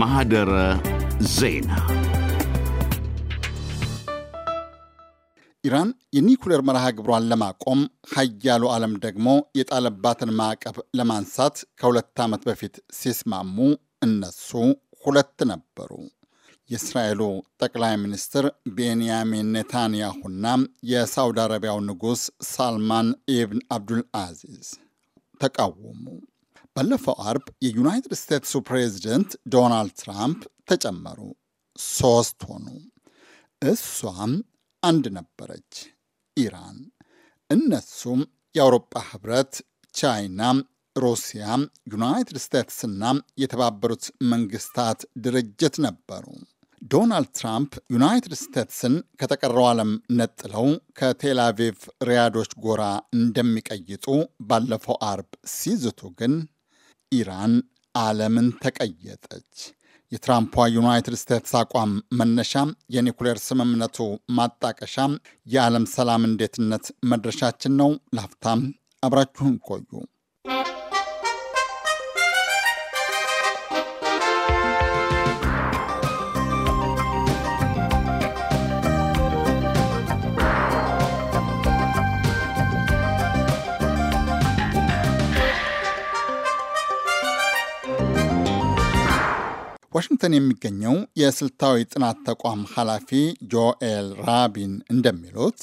ማህደረ ዜና ኢራን የኒኩሌር መርሃ ግብሯን ለማቆም ሀያሉ ዓለም ደግሞ የጣለባትን ማዕቀብ ለማንሳት ከሁለት ዓመት በፊት ሲስማሙ እነሱ ሁለት ነበሩ። የእስራኤሉ ጠቅላይ ሚኒስትር ቤንያሚን ኔታንያሁና የሳውዲ አረቢያው ንጉሥ ሳልማን ኢብን አብዱል አዚዝ ተቃወሙ። ባለፈው አርብ የዩናይትድ ስቴትሱ ፕሬዚደንት ዶናልድ ትራምፕ ተጨመሩ። ሶስት ሆኑ። እሷም አንድ ነበረች፣ ኢራን። እነሱም የአውሮጳ ህብረት፣ ቻይና፣ ሩሲያ፣ ዩናይትድ ስቴትስና የተባበሩት መንግስታት ድርጅት ነበሩ። ዶናልድ ትራምፕ ዩናይትድ ስቴትስን ከተቀረው ዓለም ነጥለው ከቴላቪቭ ሪያዶች ጎራ እንደሚቀይጡ ባለፈው አርብ ሲዝቱ ግን ኢራን ዓለምን ተቀየጠች። የትራምፖ ዩናይትድ ስቴትስ አቋም መነሻ የኒኩሌር ስምምነቱ ማጣቀሻ፣ የዓለም ሰላም እንዴትነት መድረሻችን ነው። ላፍታም አብራችሁን ቆዩ። ዋሽንግተን የሚገኘው የስልታዊ ጥናት ተቋም ኃላፊ ጆኤል ራቢን እንደሚሉት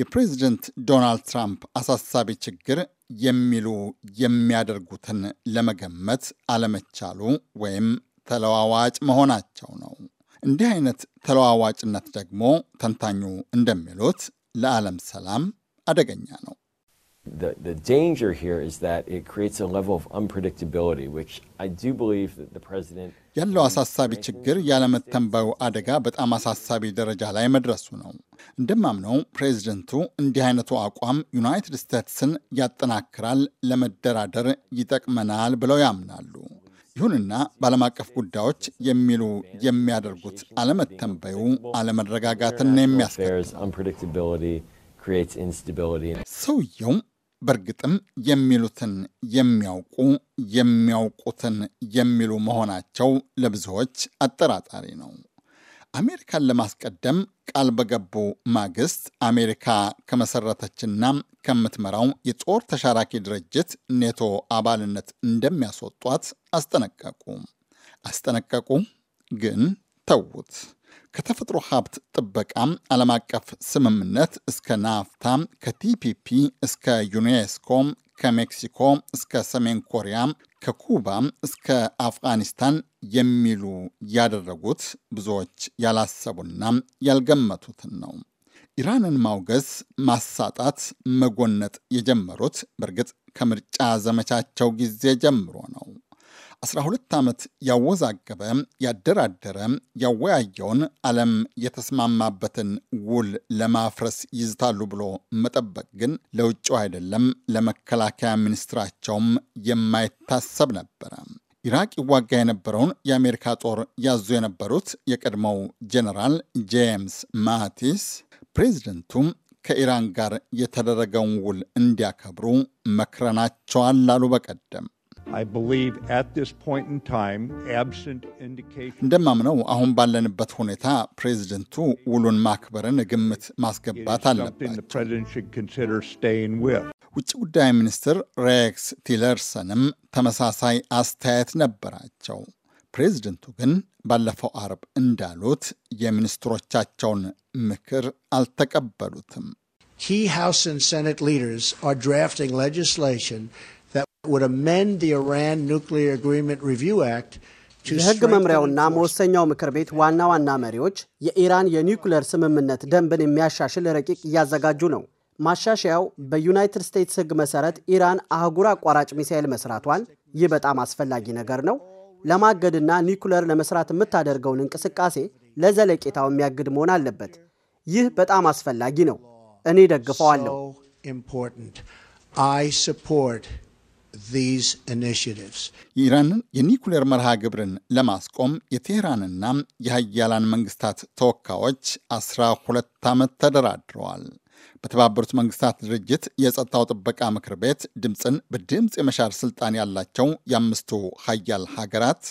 የፕሬዚደንት ዶናልድ ትራምፕ አሳሳቢ ችግር የሚሉ የሚያደርጉትን ለመገመት አለመቻሉ ወይም ተለዋዋጭ መሆናቸው ነው። እንዲህ አይነት ተለዋዋጭነት ደግሞ ተንታኙ እንደሚሉት ለዓለም ሰላም አደገኛ ነው። the, the danger here is that it creates a level of unpredictability, which I do believe that the president ያለው አሳሳቢ ችግር ያለመተንበው አደጋ በጣም አሳሳቢ ደረጃ ላይ መድረሱ ነው። እንደማምነው ፕሬዚደንቱ እንዲህ አይነቱ አቋም ዩናይትድ ስቴትስን ያጠናክራል፣ ለመደራደር ይጠቅመናል ብለው ያምናሉ። ይሁንና በዓለም አቀፍ ጉዳዮች የሚሉ የሚያደርጉት አለመተንበዩ አለመረጋጋትን ነው ሰውየው በእርግጥም የሚሉትን የሚያውቁ የሚያውቁትን የሚሉ መሆናቸው ለብዙዎች አጠራጣሪ ነው። አሜሪካን ለማስቀደም ቃል በገቡ ማግስት አሜሪካ ከመሰረተችና ከምትመራው የጦር ተሻራኪ ድርጅት ኔቶ አባልነት እንደሚያስወጧት አስጠነቀቁ አስጠነቀቁ ግን ተዉት። ከተፈጥሮ ሀብት ጥበቃ ዓለም አቀፍ ስምምነት እስከ ናፍታ ከቲፒፒ እስከ ዩኔስኮ ከሜክሲኮ እስከ ሰሜን ኮሪያ ከኩባ እስከ አፍጋኒስታን የሚሉ ያደረጉት ብዙዎች ያላሰቡና ያልገመቱትን ነው። ኢራንን ማውገዝ፣ ማሳጣት፣ መጎነጥ የጀመሩት በእርግጥ ከምርጫ ዘመቻቸው ጊዜ ጀምሮ ነው። 12 ዓመት ያወዛገበ ያደራደረ ያወያየውን ዓለም የተስማማበትን ውል ለማፍረስ ይዝታሉ ብሎ መጠበቅ ግን ለውጭው አይደለም ለመከላከያ ሚኒስትራቸውም የማይታሰብ ነበረ። ኢራቅ ይዋጋ የነበረውን የአሜሪካ ጦር ያዙ የነበሩት የቀድሞው ጄኔራል ጄምስ ማቲስ ፕሬዚደንቱም ከኢራን ጋር የተደረገውን ውል እንዲያከብሩ መክረናቸዋል ላሉ በቀደም እንደማምነው አሁን ባለንበት ሁኔታ ፕሬዚደንቱ ውሉን ማክበርን ግምት ማስገባት አለባቸው። ውጭ ጉዳይ ሚኒስትር ሬክስ ቲለርሰንም ተመሳሳይ አስተያየት ነበራቸው። ፕሬዚደንቱ ግን ባለፈው አርብ እንዳሉት የሚኒስትሮቻቸውን ምክር አልተቀበሉትም። ኪ ሃውስ ኤንድ ሴኔት ሊደርስ አር ድራፍቲንግ ሌጅስሌሽን would amend the Iran Nuclear Agreement Review Act የሕግ መምሪያውና መወሰኛው ምክር ቤት ዋና ዋና መሪዎች የኢራን የኒውክለር ስምምነት ደንብን የሚያሻሽል ረቂቅ እያዘጋጁ ነው። ማሻሻያው በዩናይትድ ስቴትስ ህግ መሰረት ኢራን አህጉር አቋራጭ ሚሳኤል መስራቷን፣ ይህ በጣም አስፈላጊ ነገር ነው፣ ለማገድና ኒውክለር ለመስራት የምታደርገውን እንቅስቃሴ ለዘለቄታው የሚያግድ መሆን አለበት። ይህ በጣም አስፈላጊ ነው። እኔ ደግፈዋለሁ። ኢራንን የኒኩሌር መርሃ ግብርን ለማስቆም የቴህራንና የሀያላን መንግስታት ተወካዮች አስራ ሁለት ዓመት ተደራድረዋል። በተባበሩት መንግስታት ድርጅት የጸጥታው ጥበቃ ምክር ቤት ድምፅን በድምፅ የመሻር ስልጣን ያላቸው የአምስቱ ሀያል ሀገራት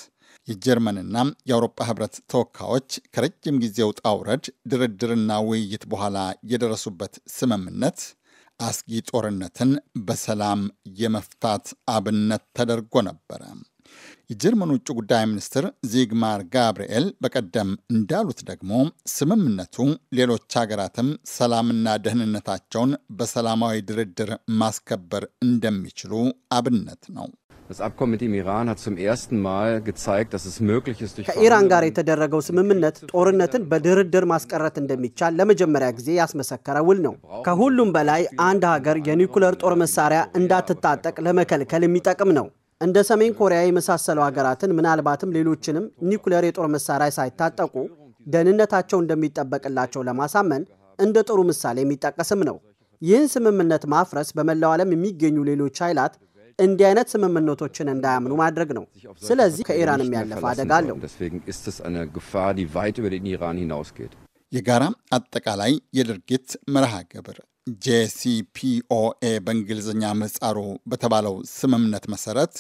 የጀርመንና የአውሮፓ ህብረት ተወካዮች ከረጅም ጊዜው ጣውረድ ድርድርና ውይይት በኋላ የደረሱበት ስምምነት አስጊ ጦርነትን በሰላም የመፍታት አብነት ተደርጎ ነበረ። የጀርመን ውጭ ጉዳይ ሚኒስትር ዚግማር ጋብርኤል በቀደም እንዳሉት ደግሞ ስምምነቱ ሌሎች ሀገራትም ሰላምና ደህንነታቸውን በሰላማዊ ድርድር ማስከበር እንደሚችሉ አብነት ነው። Das Abkommen mit dem Iran hat zum ersten Mal gezeigt, dass es möglich ist, durch ከኢራን ጋር የተደረገው ስምምነት ጦርነትን በድርድር ማስቀረት እንደሚቻል ለመጀመሪያ ጊዜ ያስመሰከረ ውል ነው። ከሁሉም በላይ አንድ ሀገር የኒኩለር ጦር መሳሪያ እንዳትታጠቅ ለመከልከል የሚጠቅም ነው። እንደ ሰሜን ኮሪያ የመሳሰሉ ሀገራትን ምናልባትም ሌሎችንም ኒኩለር የጦር መሳሪያ ሳይታጠቁ ደህንነታቸው እንደሚጠበቅላቸው ለማሳመን እንደ ጥሩ ምሳሌ የሚጠቀስም ነው። ይህን ስምምነት ማፍረስ በመላው ዓለም የሚገኙ ሌሎች ኃይላት እንዲህ አይነት ስምምነቶችን እንዳያምኑ ማድረግ ነው። ስለዚህ ከኢራንም ያለፈ አደጋ አለው። የጋራ አጠቃላይ የድርጊት መርሃ ግብር ጄሲፒኦኤ በእንግሊዝኛ ምህጻሩ በተባለው ስምምነት መሰረት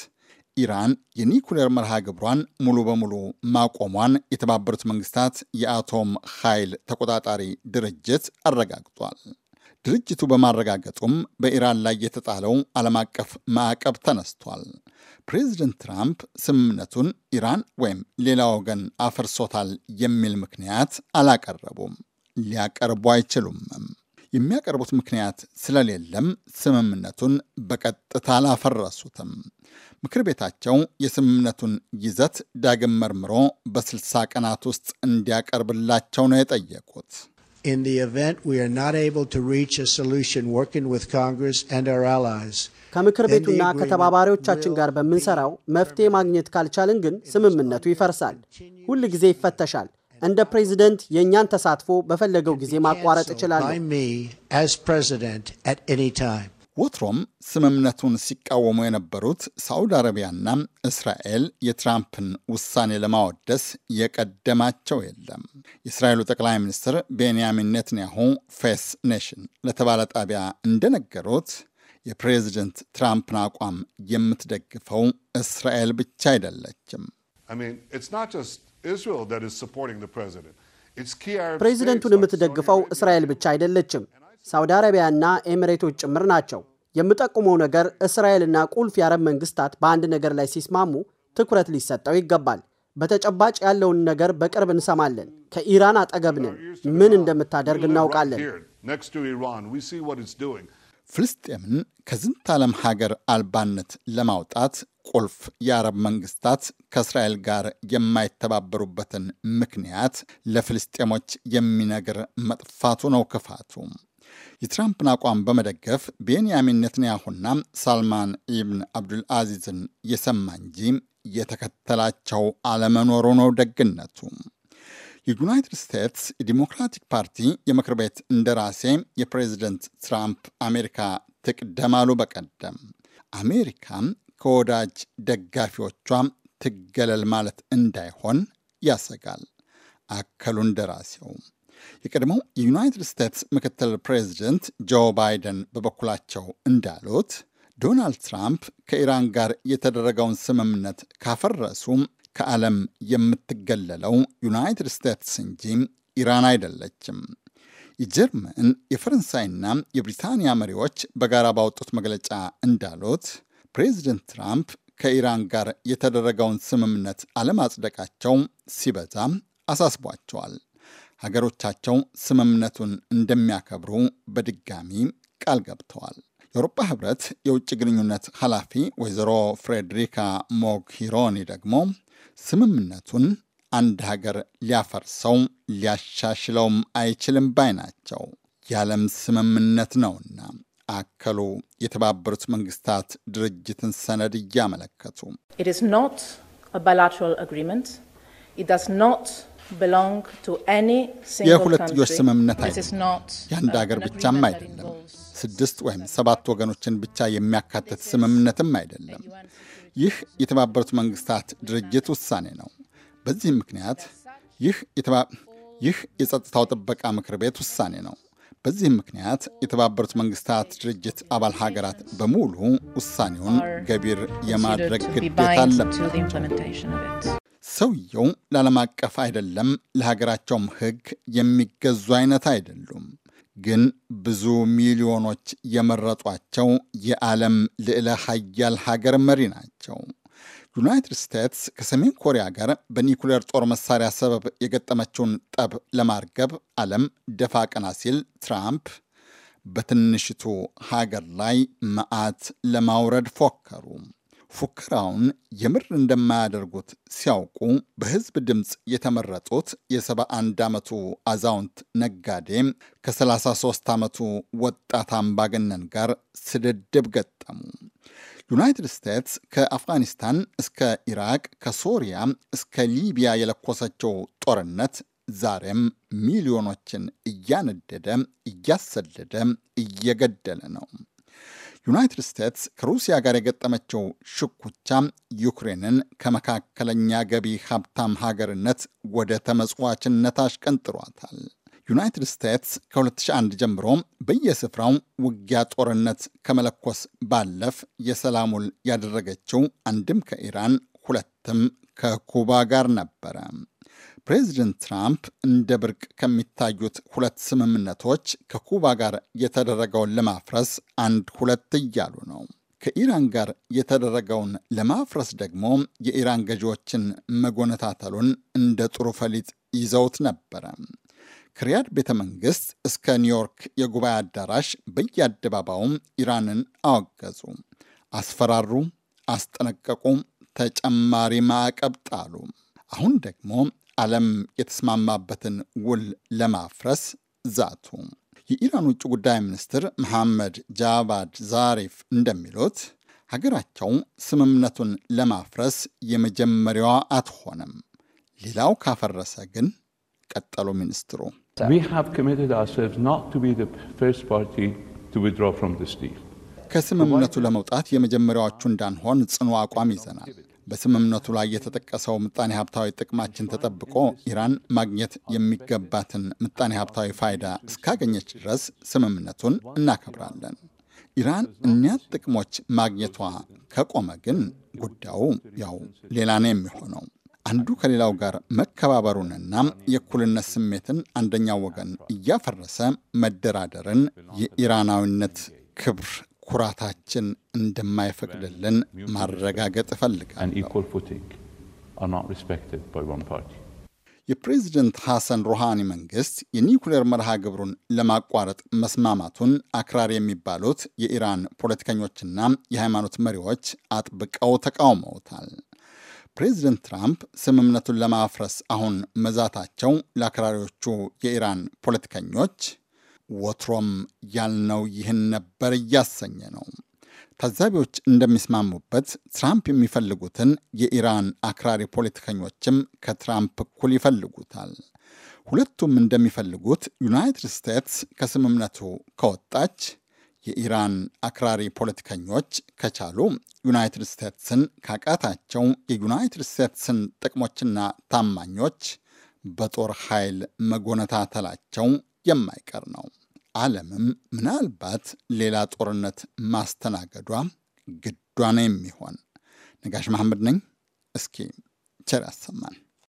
ኢራን የኒኩሌር መርሃ ግብሯን ሙሉ በሙሉ ማቆሟን የተባበሩት መንግስታት የአቶም ኃይል ተቆጣጣሪ ድርጅት አረጋግጧል። ድርጅቱ በማረጋገጡም በኢራን ላይ የተጣለው ዓለም አቀፍ ማዕቀብ ተነስቷል። ፕሬዚደንት ትራምፕ ስምምነቱን ኢራን ወይም ሌላ ወገን አፈርሶታል የሚል ምክንያት አላቀረቡም፣ ሊያቀርቡ አይችሉም የሚያቀርቡት ምክንያት ስለሌለም ስምምነቱን በቀጥታ አላፈረሱትም። ምክር ቤታቸው የስምምነቱን ይዘት ዳግም መርምሮ በ60 ቀናት ውስጥ እንዲያቀርብላቸው ነው የጠየቁት። in the event we are not able to reach a solution working with Congress and our allies. ከምክር ቤቱና ከተባባሪዎቻችን ጋር በምንሰራው መፍትሄ ማግኘት ካልቻልን ግን ስምምነቱ ይፈርሳል፣ ሁል ጊዜ ይፈተሻል። እንደ ፕሬዚደንት የእኛን ተሳትፎ በፈለገው ጊዜ ማቋረጥ እችላለሁ። ወትሮም ስምምነቱን ሲቃወሙ የነበሩት ሳዑዲ አረቢያና እስራኤል የትራምፕን ውሳኔ ለማወደስ የቀደማቸው የለም። የእስራኤሉ ጠቅላይ ሚኒስትር ቤንያሚን ኔትንያሁ ፌስ ኔሽን ለተባለ ጣቢያ እንደነገሩት የፕሬዚደንት ትራምፕን አቋም የምትደግፈው እስራኤል ብቻ አይደለችም። ፕሬዚደንቱን የምትደግፈው እስራኤል ብቻ አይደለችም። ሳውዲ አረቢያና ኤሚሬቶች ጭምር ናቸው። የምጠቁመው ነገር እስራኤልና ቁልፍ የአረብ መንግስታት በአንድ ነገር ላይ ሲስማሙ ትኩረት ሊሰጠው ይገባል። በተጨባጭ ያለውን ነገር በቅርብ እንሰማለን። ከኢራን አጠገብ ነን። ምን እንደምታደርግ እናውቃለን። ፍልስጤምን ከዝንተ ዓለም ሀገር አልባነት ለማውጣት ቁልፍ የአረብ መንግስታት ከእስራኤል ጋር የማይተባበሩበትን ምክንያት ለፍልስጤሞች የሚነግር መጥፋቱ ነው ክፋቱ። የትራምፕን አቋም በመደገፍ ቤንያሚን ኔትንያሁና ሳልማን ኢብን አብዱል አዚዝን የሰማ እንጂ የተከተላቸው አለመኖሩ ነው ደግነቱ። የዩናይትድ ስቴትስ የዲሞክራቲክ ፓርቲ የምክር ቤት እንደራሴ የፕሬዚደንት ትራምፕ አሜሪካ ትቅደማሉ በቀደም አሜሪካ ከወዳጅ ደጋፊዎቿ ትገለል ማለት እንዳይሆን ያሰጋል አከሉ እንደራሴው። የቀድሞው የዩናይትድ ስቴትስ ምክትል ፕሬዚደንት ጆ ባይደን በበኩላቸው እንዳሉት ዶናልድ ትራምፕ ከኢራን ጋር የተደረገውን ስምምነት ካፈረሱም ከዓለም የምትገለለው ዩናይትድ ስቴትስ እንጂ ኢራን አይደለችም። የጀርመን የፈረንሳይና የብሪታንያ መሪዎች በጋራ ባወጡት መግለጫ እንዳሉት ፕሬዚደንት ትራምፕ ከኢራን ጋር የተደረገውን ስምምነት አለማጽደቃቸው ሲበዛ አሳስቧቸዋል። ሀገሮቻቸው ስምምነቱን እንደሚያከብሩ በድጋሚ ቃል ገብተዋል። የአውሮፓ ህብረት የውጭ ግንኙነት ኃላፊ ወይዘሮ ፍሬድሪካ ሞግሂሮኒ ደግሞ ስምምነቱን አንድ ሀገር ሊያፈርሰው ሊያሻሽለውም አይችልም ባይ ናቸው። የዓለም ስምምነት ነውና አከሉ። የተባበሩት መንግስታት ድርጅትን ሰነድ እያመለከቱ የሁለትዮሽ ስምምነት አይደለም፣ የአንድ ሀገር ብቻም አይደለም፣ ስድስት ወይም ሰባት ወገኖችን ብቻ የሚያካትት ስምምነትም አይደለም። ይህ የተባበሩት መንግስታት ድርጅት ውሳኔ ነው። በዚህ ምክንያት ይህ የጸጥታው ጥበቃ ምክር ቤት ውሳኔ ነው። በዚህም ምክንያት የተባበሩት መንግስታት ድርጅት አባል ሀገራት በሙሉ ውሳኔውን ገቢር የማድረግ ግዴታ አለባቸው። ሰውየው ለዓለም አቀፍ አይደለም ለሀገራቸውም ሕግ የሚገዙ አይነት አይደሉም። ግን ብዙ ሚሊዮኖች የመረጧቸው የዓለም ልዕለ ሀያል ሀገር መሪ ናቸው። ዩናይትድ ስቴትስ ከሰሜን ኮሪያ ጋር በኒኩሌር ጦር መሳሪያ ሰበብ የገጠመችውን ጠብ ለማርገብ ዓለም ደፋ ቀና ሲል ትራምፕ በትንሽቱ ሀገር ላይ መዓት ለማውረድ ፎከሩ። ፉከራውን የምር እንደማያደርጉት ሲያውቁ በህዝብ ድምፅ የተመረጡት የ71 ዓመቱ አዛውንት ነጋዴ ከ33 ዓመቱ ወጣት አምባገነን ጋር ስድድብ ገጠሙ። ዩናይትድ ስቴትስ ከአፍጋኒስታን እስከ ኢራቅ ከሶሪያ እስከ ሊቢያ የለኮሰችው ጦርነት ዛሬም ሚሊዮኖችን እያነደደ እያሰደደ እየገደለ ነው። ዩናይትድ ስቴትስ ከሩሲያ ጋር የገጠመችው ሽኩቻ ዩክሬንን ከመካከለኛ ገቢ ሀብታም ሀገርነት ወደ ተመጽዋችነት አሽቀንጥሯታል። ዩናይትድ ስቴትስ ከ2001 ጀምሮ በየስፍራው ውጊያ ጦርነት ከመለኮስ ባለፍ የሰላሙል ያደረገችው አንድም ከኢራን ሁለትም ከኩባ ጋር ነበረ። ፕሬዚደንት ትራምፕ እንደ ብርቅ ከሚታዩት ሁለት ስምምነቶች ከኩባ ጋር የተደረገውን ለማፍረስ አንድ ሁለት እያሉ ነው። ከኢራን ጋር የተደረገውን ለማፍረስ ደግሞ የኢራን ገዢዎችን መጎነታተሉን እንደ ጥሩ ፈሊጥ ይዘውት ነበረ። ከሪያድ ቤተ መንግስት እስከ ኒውዮርክ የጉባኤ አዳራሽ በየአደባባውም ኢራንን አወገዙ፣ አስፈራሩ፣ አስጠነቀቁ፣ ተጨማሪ ማዕቀብ ጣሉ። አሁን ደግሞ ዓለም የተስማማበትን ውል ለማፍረስ ዛቱ። የኢራን ውጭ ጉዳይ ሚኒስትር መሐመድ ጃቫድ ዛሪፍ እንደሚሉት ሀገራቸው ስምምነቱን ለማፍረስ የመጀመሪያዋ አትሆንም። ሌላው ካፈረሰ ግን ቀጠሉ ሚኒስትሩ ከስምምነቱ ለመውጣት የመጀመሪያዎቹ እንዳንሆን ጽኑ አቋም ይዘናል። በስምምነቱ ላይ የተጠቀሰው ምጣኔ ሀብታዊ ጥቅማችን ተጠብቆ ኢራን ማግኘት የሚገባትን ምጣኔ ሀብታዊ ፋይዳ እስካገኘች ድረስ ስምምነቱን እናከብራለን። ኢራን እኒያ ጥቅሞች ማግኘቷ ከቆመ ግን ጉዳዩ ያው ሌላ ነው የሚሆነው። አንዱ ከሌላው ጋር መከባበሩንና የእኩልነት ስሜትን አንደኛው ወገን እያፈረሰ መደራደርን የኢራናዊነት ክብር ኩራታችን እንደማይፈቅድልን ማረጋገጥ እፈልጋለሁ። የፕሬዚደንት ሐሰን ሩሃኒ መንግስት የኒውክሌር መርሃ ግብሩን ለማቋረጥ መስማማቱን አክራሪ የሚባሉት የኢራን ፖለቲከኞችና የሃይማኖት መሪዎች አጥብቀው ተቃውመውታል። ፕሬዝደንት ትራምፕ ስምምነቱን ለማፍረስ አሁን መዛታቸው ለአክራሪዎቹ የኢራን ፖለቲከኞች ወትሮም ያልነው ይህን ነበር እያሰኘ ነው። ታዛቢዎች እንደሚስማሙበት ትራምፕ የሚፈልጉትን የኢራን አክራሪ ፖለቲከኞችም ከትራምፕ እኩል ይፈልጉታል። ሁለቱም እንደሚፈልጉት ዩናይትድ ስቴትስ ከስምምነቱ ከወጣች የኢራን አክራሪ ፖለቲከኞች ከቻሉ ዩናይትድ ስቴትስን ካቃታቸው የዩናይትድ ስቴትስን ጥቅሞችና ታማኞች በጦር ኃይል መጎነታተላቸው የማይቀር ነው። ዓለምም ምናልባት ሌላ ጦርነት ማስተናገዷ ግዷ ነው የሚሆን። ነጋሽ መሐመድ ነኝ። እስኪ ቸር ያሰማን።